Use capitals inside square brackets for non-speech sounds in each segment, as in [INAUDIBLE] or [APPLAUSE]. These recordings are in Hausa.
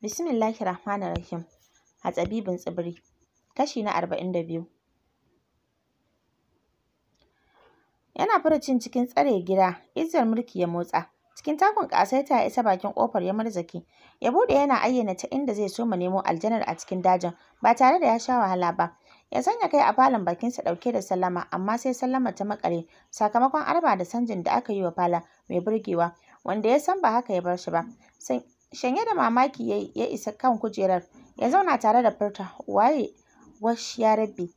Bismillahir Rahmanir Rahim. A tsabibin tsibiri. Kashi na arba'in da biyu. Yana fara cin cikin tsare gida, izar mulki ya motsa. Cikin takun ƙasaita ya isa bakin ƙofar ya marzaki. Ya buɗe yana ayyana ta inda zai soma nemo aljanar a cikin dajin ba tare da ya sha wahala ba. Ya sanya kai a falon bakin sa ɗauke da sallama amma sai sallama ta makare sakamakon arba da sanjin da aka yi wa fala mai burgewa wanda ya san ba haka ya bar shi ba. Shanye da mamaki ya ya isa kan kujerar, ya zauna tare da furta, waye, wash ya rabbi.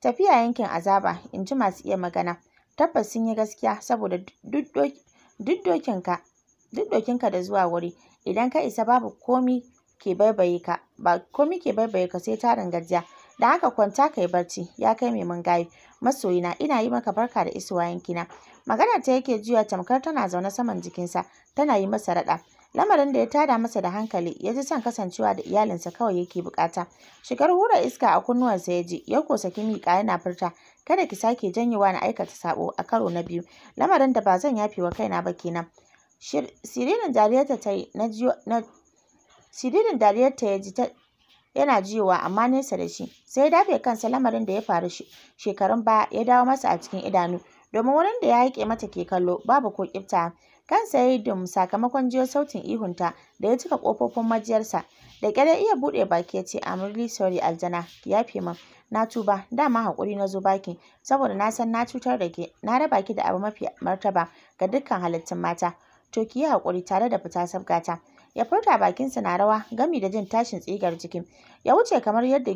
Tafiya yankin azaba, in ji masu iya magana. Tabbas sun yi gaskiya saboda duk dokinka, duk dokinka da zuwa wuri, idan ka isa babu komi ke baibaye ka, ba komi ke baibaye ka sai tarin gajiya. Da haka kwanta ka yi barci, ya kai mai mungaye. Masoyina, ina yi maka barka da isowa yankina. Magana ta yake juya tamkar tana zaune saman jikinsa, tana yi masa raɗa. lamarin da ya tada masa da hankali ya ji son kasancewa da iyalinsa kawai yake bukata shigar hura iska a kunnuwansa ya ji ya kosa kimika yana furta kada ki sake janyewa na aikata sabo a karo na biyu lamarin da ba zan yafe wa kaina ba kenan siririn dariyarta ta yi na siririn dariyarta ya ji ta yana jiyowa amma nesa da shi sai ya dafe kansa lamarin da ya faru shekarun baya ya dawo masa a cikin idanu domin wurin da ya haƙe mata ke kallo babu ko ƙifta Kansa ya yi dum sakamakon jiyo sautin ihunta da ya cika kofofin majiyarsa. Da kyale iya buɗe baki ya ce, I'm really sorry aljana, Ya fi min. Na tuba, dama hakuri na zo baki, saboda na san na cutar da ke, na raba ki da abu mafi martaba ga dukkan halittun mata. To ki yi hakuri tare da fita sabgata. Ya furta bakinsa na rawa gami da jin tashin tsigar jiki. Ya wuce kamar yadda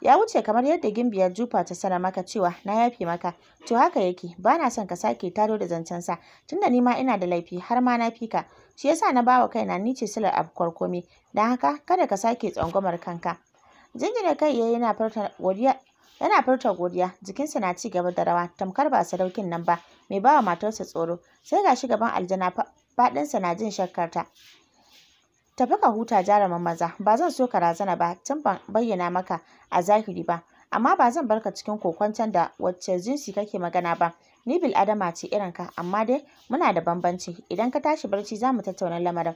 ya wuce kamar yadda gimbiyar jufa ta sanar maka cewa na yafe maka to haka yake ba na son ka sake taro da zancen sa tunda ni ma ina da laifi har ma na fi ka shi yasa na bawa kaina ni ce silar a komai don haka kada ka sake tsangwamar kanka jinjina kai yayi yana furta godiya furta godiya jikinsa na ci gaba da rawa tamkar ba sadaukin nan ba mai bawa matarsa tsoro sai ga shi gaban aljana faɗinsa na jin shakkarta tafi ka huta jarumin maza ba zan so ka razana ba tun ban bayyana maka a zahiri ba amma ba zan barka cikin kokwancan da wacce jinsi kake magana ba ni bil adama ce irin ka amma dai muna da bambanci idan ka tashi barci za mu tattauna lamarin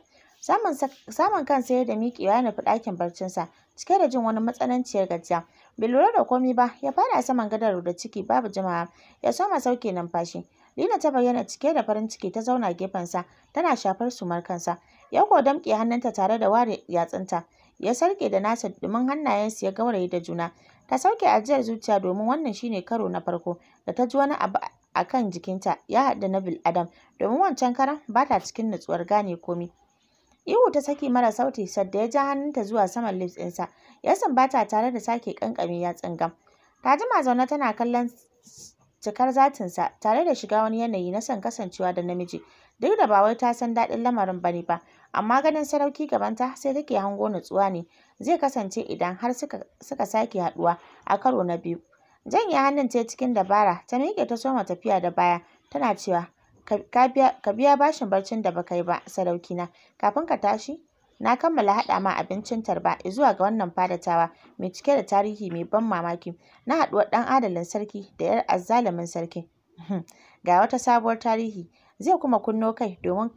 samun kan sai da miƙi ya nufi ɗakin barcinsa cike da jin wani matsananciyar gajiya bai lura da komi ba ya fada saman gadar da ciki babu jimawa ya soma sauke numfashi lina ta bayyana cike da farin ciki ta zauna gefensa tana shafar sumar kansa ya kuwa damƙe hannunta tare da ware yatsunta ya sarƙe da nasa domin hannayensu ya gauraye da juna ta sauke ajiyar zuciya domin wannan shine karo na farko da ta ji wani abu a kan jikinta ya haɗu na bil adam domin wancan karan ba ta cikin nutsuwar gane komi ihu ta saki mara sauti sadda ya ja hannunta zuwa saman lips ɗinsa ya sumbata tare da sake ƙanƙame yatsun gam ta jima zaune tana kallon cikar zatinsa tare da shiga wani yanayi na son kasancewa da namiji duk da ba wai ta san daɗin lamarin bane ba amma ganin sarauki gabanta sai take hango nutsuwa ne zai kasance idan har suka, suka sake haɗuwa a karo na biyu janye hannun ta cikin dabara ta miƙe ta soma tafiya da baya tana cewa ka biya bashin barcin da baka yi ba sarauki na kafin ka tashi na kammala haɗa ma abincin tarba zuwa ga wannan fadatawa mai cike da tarihi mai ban mamaki na haɗuwar ɗan adalin sarki da 'yar azzalumin sarki [LAUGHS] ga wata sabuwar tarihi zai kuma kunno kai domin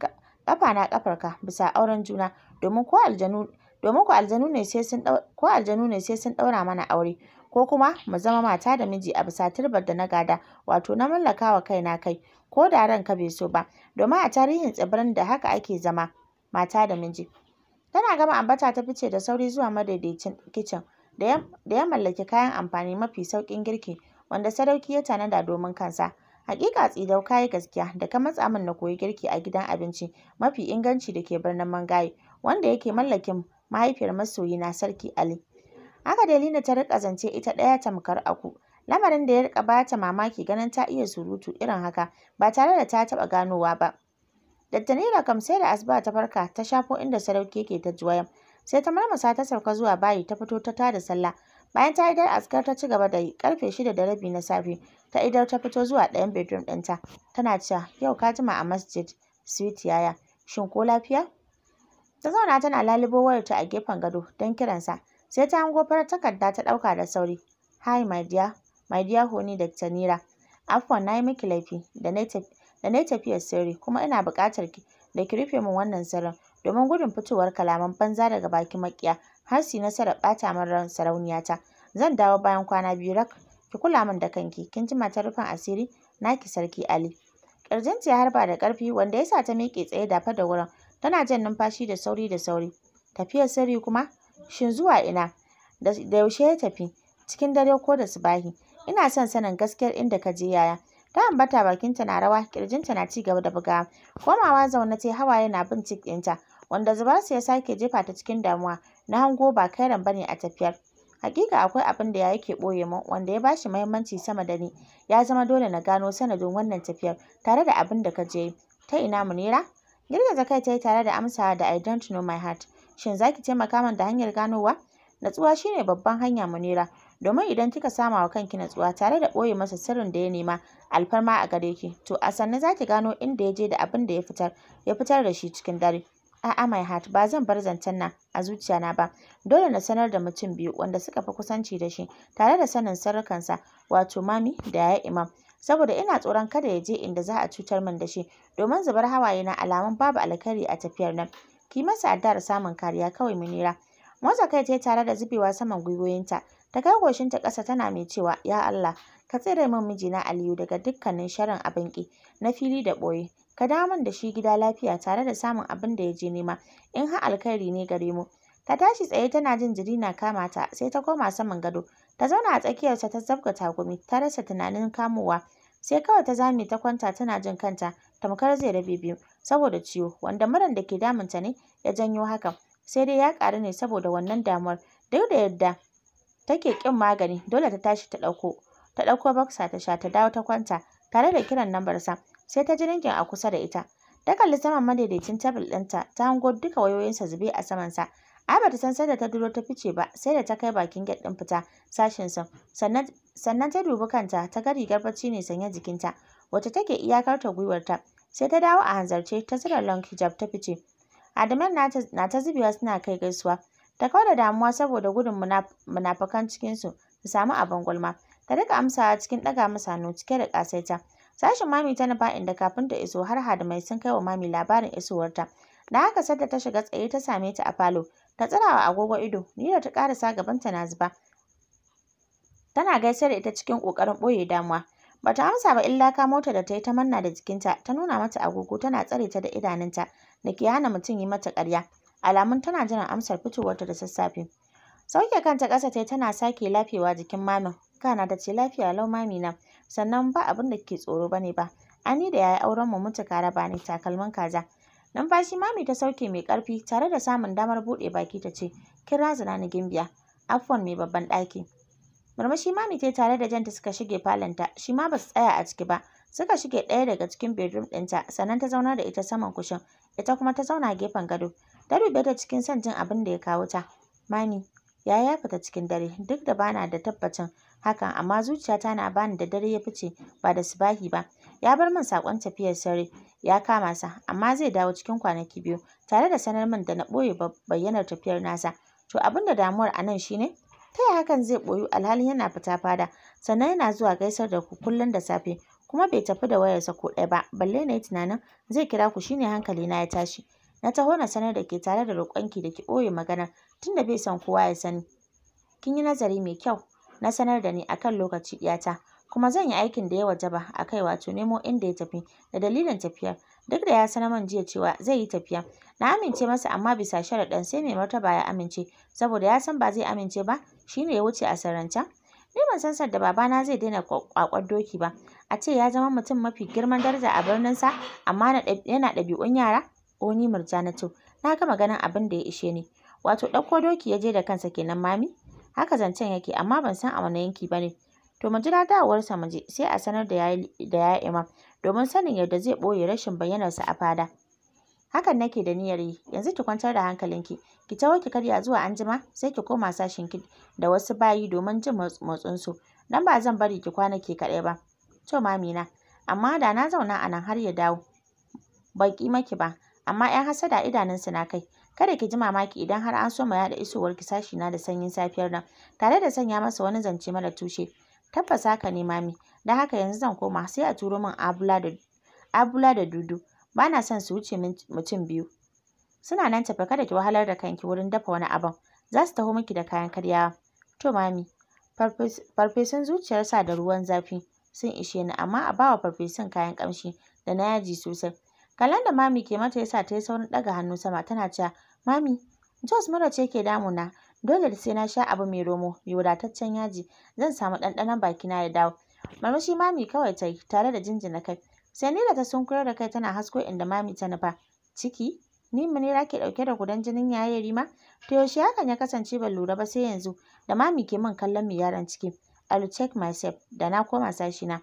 ƙafa na ƙafarka bisa auren juna domin ko aljanu domin ko aljanu ne sai sun ko aljanu ne sai sun ɗaura mana aure ko kuma mu zama mata da miji a bisa turbar da na gada wato na mallaka wa kaina kai ko da ranka bai so ba domin a tarihin tsibirin da haka ake zama mata da miji tana gama ambata ta fice da sauri zuwa madaidaicin kicin da ya mallaki kayan amfani mafi sauƙin girki wanda sadauki ya tanada domin kansa Hakika tsidau kayi gaskiya da ka matsa min na koyi girki a gidan abinci mafi inganci da ke birnin Mangayi wanda yake mallakin mahaifiyar masoyina Sarki Ali. Haka Delina ta riƙa zance ita ɗaya tamkar aku. Lamarin da ya riƙa ba ta mamaki ganin ta iya surutu irin haka ba tare da ta taɓa ganowa ba. Dattanira kam sai da asuba ta farka ta shafo inda sarauki yake ta juwayan. Sai ta marmasa ta sauka zuwa bayi ta fito ta tada sallah Bayan ta yi idar askar ta ci gaba da yi, ƙarfe shida da rabi na safe ta idar ta fito zuwa ɗayan bedroom ɗinta, tana cewa yau ka jima a masjid sweet yaya, shin ko lafiya? Ta zauna tana lalubo wayarta a gefen gado don kiransa, sai ta hango farar takarda ta ɗauka da sauri. Hi my dear, my dear honey Dr. Nira, afwan na yi miki laifi da na yi tafiyar sirri kuma ina buƙatar ki da ki rufe min wannan sirrin domin gudun fitowar kalaman banza daga bakin maƙiya har su yi nasarar ɓata min ran sarauniyata. Zan dawo bayan kwana biyu rak, ki kula min da kanki, kin ji matar rufin asiri, naki Sarki Ali. Ƙirjinta ya harba da ƙarfi wanda ya sa ta miƙe tsaye dafa da wurin, tana jan numfashi da sauri da sauri. Tafiyar sirri kuma? Shin zuwa ina? Da yaushe ya tafi? Cikin dare ko da subahi? Ina son sanin gaskiyar inda ka je yaya. Ta ambata bakinta na rawa, ƙirjinta na ci gaba da bugawa. Komawa zaune ta hawaye na bin cik ɗinta. wanda zubarsa ya sake jefa ta cikin damuwa na hango ba kairan bane a tafiyar hakika akwai abin da yake ɓoye min wanda ya bashi muhimmanci sama da ni ya zama dole na gano sanadin wannan tafiyar tare da abin da ka je ta ina mu munira girgiza kai ta yi tare da amsawa da i don't know my heart shin za ki taimaka min da hanyar ganowa natsuwa shine babban hanya munira domin idan kika sama wa kanki natsuwa tare da ɓoye masa sirrin da ya nema alfarma a gare ki to a sannu za ki gano inda ya je da abin da ya fitar ya fitar da shi cikin dare A'a my heart, ba zan bar zancen nan a zuciyana ba. Dole na sanar da mutum biyu wanda suka fi kusanci da shi tare da sanin sirrikansa, wato Mami da Yaya Imam. Saboda ina tsoron kada ya je inda za a cutar min da shi, domin zubar hawaye na alamun babu alkhairi a tafiyar nan. Ki masa addu'ar samun kariya kawai Munira. Motsa kai ta tare da zubewa saman gwiwoyinta, ta kai goshinta ƙasa tana mai cewa, Ya Allah, ka tsere min mijina Aliyu daga dukkanin sharin abin ƙi na fili da ɓoye. ka dawo min da shi gida lafiya tare da samun abin da ya je nema in har alkhairi ne gare mu ta tashi tsaye tana jin jiri na kama ta sai ta koma saman gado ta zauna a tsakiyarsa ta zabga tagumi ta rasa tunanin kamowa sai kawai ta zame ta kwanta tana jin kanta tamkar zai rabe biyu saboda ciwo wanda muran da ke damunta ne ya janyo hakan sai dai ya ƙaru ne saboda wannan damuwar duk da yadda take ƙin magani dole ta tashi ta ɗauko ta ɗauko baksa ta sha ta dawo ta kwanta tare da kiran sa sai ta ji a kusa da ita. Ta kalli saman madaidaicin tabil ɗinta ta hango duka wayoyinsa zube a saman samansa. Ai ta san sai da ta duro ta fice ba sai da ta kai bakin gate ɗin fita sashin sa. Sannan ta dubi kanta ta ga rigar bacci ne sanye jikinta wacce take iyakar ta gwiwarta. Sai ta dawo a hanzarce ta zura long hijab ta fice. Adaman na ta zubewa suna kai gaisuwa. Ta kawo da damuwa saboda gudun munafukan cikinsu su samu abin gulma. Ta rika amsawa cikin ɗaga masa hannu cike da ƙasaita. Sashen mami tana ba inda kafin ta iso har hada mai sun kai wa mami labarin isowarta. Da haka sadda ta shiga tsaye ta same ta a falo. Ta tsirawa agogo ido, Nira ta ƙarasa gabanta na zuba. Tana gaisar da ita cikin ƙoƙarin ɓoye damuwa. Bata amsa ba illa ka mota da ta yi ta manna da jikinta, ta nuna mata agogo tana tsare ta da idanunta da ke hana mutum yi mata ƙarya. Alamun tana jiran amsar fitowarta da sassafe. Sauke kanta ƙasa ta tana sake lafewa jikin mamin. Kana da ce lafiya lau mami na. Sannan ba abin da kike tsoro bane ba. Ani da yayi auren mu mutu ka raba ni takalmin kaza. Numfashi mami ta sauke mai ƙarfi tare da samun damar buɗe baki ta ce, Kin razana ni gimbiya, afwan mai babban ɗaki. Murmushi mami ta tare da janta suka shige falonta, shi ma basu tsaya a ciki ba. Suka shige ɗaya daga cikin bedroom ɗinta, sannan ta zauna da ita saman kushin, ita kuma ta zauna gefen gado. Ta dube ta cikin son jin abin da ya kawo ta. Mami, yaya ya fita cikin dare, duk da bana da tabbacin hakan amma zuciyata na bani da dare ya fice ba da subahi ba. Ya bar min sakon tafiyar sare ya kama sa amma zai dawo cikin kwanaki biyu tare da sanar min da na ɓoye bayyanar tafiyar nasa. To abin da damuwar a nan shine ta yaya hakan zai ɓoyu alhalin yana fita fada sannan yana zuwa gaisar da ku kullum da safe kuma bai tafi da wayarsa ko ɗaya ba balle na yi tunanin zai kira ku shine hankali na ya tashi. Na taho na sanar da ke tare da roƙonki da ki ɓoye maganar tunda bai son kowa ya sani. Kin yi nazari mai kyau na sanar da ni akan lokaci ɗiyata kuma zan yi aikin da ya wajaba a kai wato nemo inda ya tafi da dalilin tafiyar duk da ya sanar man jiya cewa zai yi tafiya na amince masa amma bisa sharaɗin sai mai martaba ya amince saboda ya san ba zai amince ba shine ya wuce a sarrance ni ban san sadda babana zai daina kwakwar doki ba a ce ya zama mutum mafi girman daraja a birnin sa amma yana ɗabi'un yara oni murjanatu na gama ganin abin da ya ishe ni wato ɗauko doki ya je da kansa kenan mami haka zancen yake amma ban san a wani yanki ba ne to mu jira dawowarsa mu je sai a sanar da yayi da yayi imam domin sanin yadda zai ɓoye rashin bayyanarsa a fada hakan nake da niyyar yi yanzu ki kwantar da hankalinki ki tawo ki karya zuwa anjima sai ki koma sashin ki da wasu bayi domin jin motsin su, dan ba zan bari ki kwana ke kaɗai ba to mamina amma da na zauna a nan har ya dawo ban ƙi maki ba amma 'yan hasada idanunsu na kai Kada ki ji mamaki idan har an so ma yaɗa isowar ki sashi na da sanyin safiyar nan tare da sanya masa wani zance mara tushe. Tabbas haka ne mami. dan haka yanzu zan koma sai a turo min abula da abula da dudu. Ba na son su wuce mutum biyu. Suna nan tafi kada ki wahalar da kanki wurin dafa wani abin. Za su taho miki da kayan karyawa. To mami, farfesun zuciyar sa da ruwan zafi sun ishe ni amma a bawa farfesun kayan kamshi da na yaji sosai. Kallon da mami ke mata yasa ta yi saurin ɗaga hannu sama tana cewa mami Jos mura ce ke damuna dole da sai na sha abu mai romo mai wadataccen yaji zan samu ɗanɗanon bakina ya dawo. Marmashi mami kawai ta yi tare da jinjina kai. Sai Nila ta sunkuyar da kai tana hasko inda mami ta nufa. Ciki ni munira ke ɗauke da gudan jinin yaye rima to yaushe hakan ya kasance ban lura ba sai yanzu da mami ke min kallon mai yaron ciki. I will check myself da na koma sashina.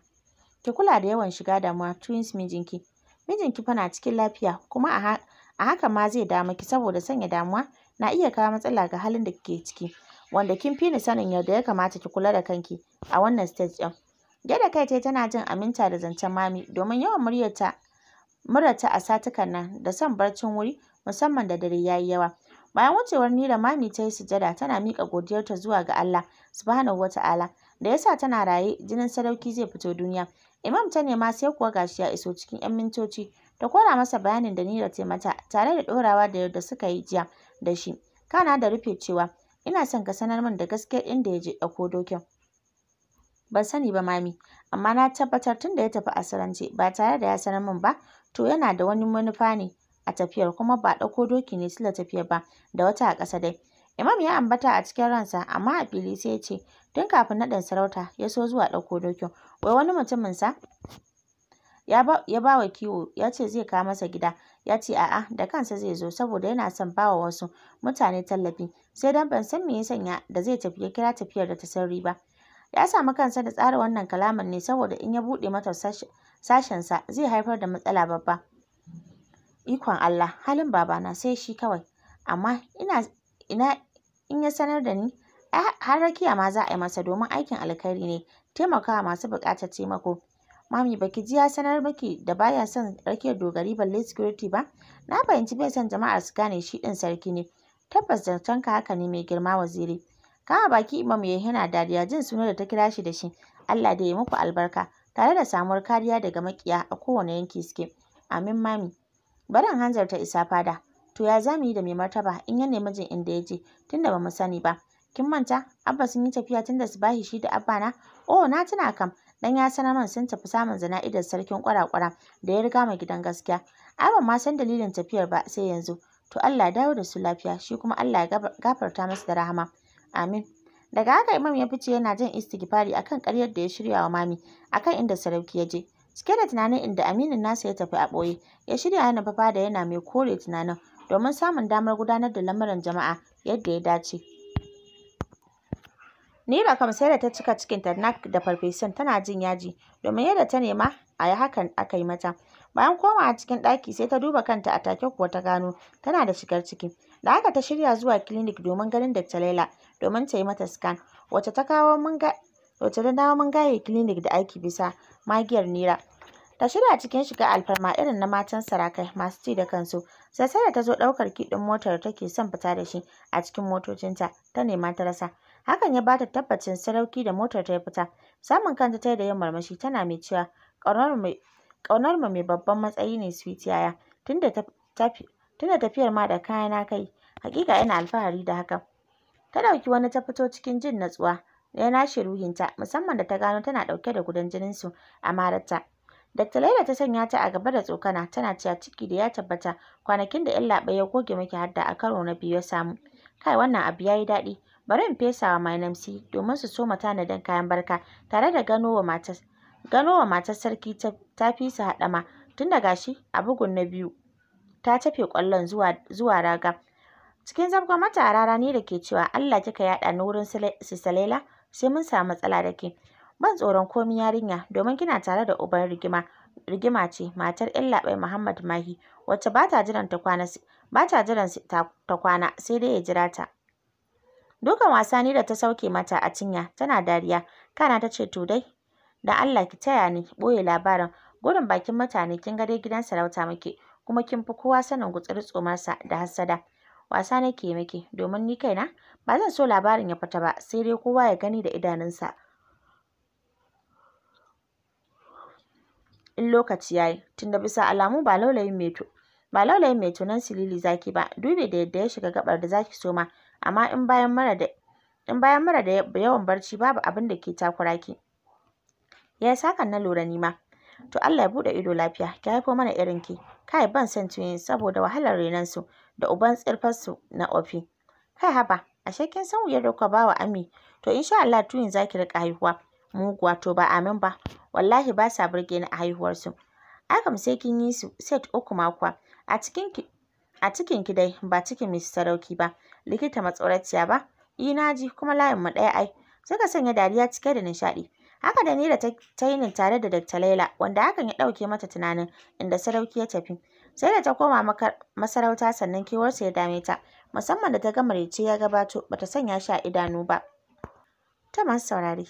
Ki kula da yawan shiga damuwa twins mijinki. mijinki fa na cikin lafiya kuma a haka ma zai dama ki saboda sanya damuwa na iya kawo matsala ga halin da kike ciki wanda kin fi ni sanin yadda ya kamata ki kula da kanki a wannan stage ɗin. Gyada kai tai tana jin aminta da zancen mami domin yawan muryarta a satukan nan da son barcin wuri musamman da dare yayi yawa. Bayan wucewar Nira mami ta yi sujada tana miƙa godiyarta zuwa ga Allah subhanahu ta'ala da yasa tana raye jinin sadauki zai fito duniya Imam ta nema sai kuwa gashi ya iso cikin 'yan mintoci ta kora masa bayanin da Nira ta mata tare da ɗorawa da yadda suka yi jiya da shi. Kana da rufe cewa ina son ka sanar min da gaskiyar inda ya je ɗauko dokin. Ban sani ba mami, amma na tabbatar tun da ya tafi asirance ba tare da ya sanar min ba to yana da wani manufa ne a tafiyar kuma ba ɗauko doki ne sila tafiyar ba da wata a ƙasa dai. Imam ya ambata a cikin ransa amma a fili sai ya ce tun kafin naɗin sarauta ya so zuwa ɗauko dokin wai wani mutuminsa ya ba wa kiwo ya ce zai kawo masa gida ya ce a'a da kansa zai zo saboda yana son ba wa wasu mutane tallafi sai dan ban san me ya sanya da zai tafi ya kira tafiyar da ta sarri ba ya samu kansa da tsara wannan kalaman ne saboda in ya buɗe mata sashensa zai haifar da matsala babba ikon Allah halin babana sai shi kawai amma ina ina in ya sanar da ni har rakiya ma za a yi masa domin aikin alkhairi ne taimakawa masu buƙatar taimako mami baki ji ya sanar miki da baya son rakiyar dogari balle security ba na fahimci bai son jama'ar su gane shi din sarki ne tabbas zancenka haka ne mai girma waziri kama baki imam ya yana dariya jin sunan da ta kira shi da shi Allah da ya muku albarka tare da samuwar kariya daga makiya a kowane yanki suke amin mami barin hanzarta isa fada To ya zamu yi da mai martaba in ya nemi jin inda ya je tunda ba mu sani ba. Kin manta Abba sun yi tafiya tunda su bashi shi da Abba na? Oh na tuna kam dan ya sanar man sun tafi samun zana'idar sarkin kwara-kwara da ya riga mai gidan gaskiya. abba ma san dalilin tafiyar ba sai yanzu. To Allah ya dawo da su lafiya shi kuma Allah ya gafarta masa da rahama. Amin. Daga haka Imam ya fice yana jin istighfari akan ƙaryar da ya shirya wa mami akan inda sarauki ya je. Cike da tunanin inda aminin nasa ya tafi a ɓoye, ya shirya yana fafa da yana mai kore tunanin domin samun damar gudanar da lamuran jama'a yadda ya dace. Nira kam sai da ta cika cikinta nak da farfesun tana jin yaji domin yadda ta nema a yi hakan aka yi mata. Bayan komawa cikin ɗaki sai ta duba kanta a take kuwa ta gano tana da shigar ciki. Da haka ta shirya zuwa clinic domin ganin Dr. Laila domin ta yi mata scan wacce ta kawo mun ga wacce ta dawo mun gaye clinic da aiki bisa magiyar Nira. ta shirya cikin shiga alfarma irin na matan sarakai masu ci da kansu sai sai da ta zo ɗaukar kiɗin motar da take son fita da shi a cikin motocinta ta nema ta rasa hakan ya bata tabbacin sarauki da motar ta fita samun kanta tayi da yin marmashi tana mai cewa ƙaunar mu mai babban matsayi ne sweet yaya tunda tunda tafiyar ma da kayana kai hakika ina alfahari da hakan ta ɗauki wani ta fito cikin jin natsuwa ya nashe ruhinta musamman da ta gano tana dauke da gudan jininsu a mararta Dr. Laila ta sanya ta a gaba da tsokana tana cewa ciki da ya tabbata kwanakin da yallaɓa ya goge miki hadda a karo na biyu ya samu. Kai wannan abu ya yi daɗi. Bari in fesa wa Mainamsi domin su soma tanadin kayan barka tare da gano wa matar gano matar sarki ta fi su haɗama tun da gashi a bugun na biyu ta tafe ƙwallon zuwa zuwa raga. Cikin zabgon mata a rara ni da ke cewa Allah kika yaɗa ni wurin su sai mun samu matsala da ke. Ban tsoron komin yarinya, domin kina tare da uban rigima. Rigima ce matar Yallaɓai Muhammad Mahi, wacce ba ta jiran ta kwana sai dai ya jira ta. Dukan wasa ni da ta sauke mata a cinya tana dariya, kana ta ce to dai, da Allah ki taya ni boye labarin, gurin bakin mutane kin ga dai gidan sarauta muke, kuma kin fi kowa sanin gutsiri tsomarsa da hassada. Wasa nake miki, domin ni kaina ba zan so labarin ya fita ba, sai dai kowa ya gani da idanunsa. lokaci ya yi, tunda bisa alamu ba laulayin mai ba laulayin mai tunan silili zaki ba dubi da yadda ya shiga gabar da zaki so ma amma in bayan mara da yawan barci babu abin da ke takura ki ya saka na lura ni ma to Allah ya bude ido lafiya ki haifo mana irin ki kai ban san tuyin saboda wahalar renan su da uban tsirfar su na ofi kai haba ashe kin san wuyar da kuka bawa ami to insha Allah tuyin zaki rika haihuwa muguwa to ba amin ba wallahi ba sa burge ni a haihuwarsu akam sai kin yi su set uku makwa a cikin ki a cikin ki dai ba cikin mai sarauki ba likita matsoraciya ba ina ji kuma layin mu ɗaya ai suka sanya dariya cike da nishaɗi haka da ni da ta yi tare da Dr. Laila wanda hakan ya ɗauke mata tunanin inda sarauki ya tafi sai da ta koma masarauta sannan kewarsa ya dame ta musamman da ta gama rice ya gabato bata sanya shi a idanu ba ta masu saurari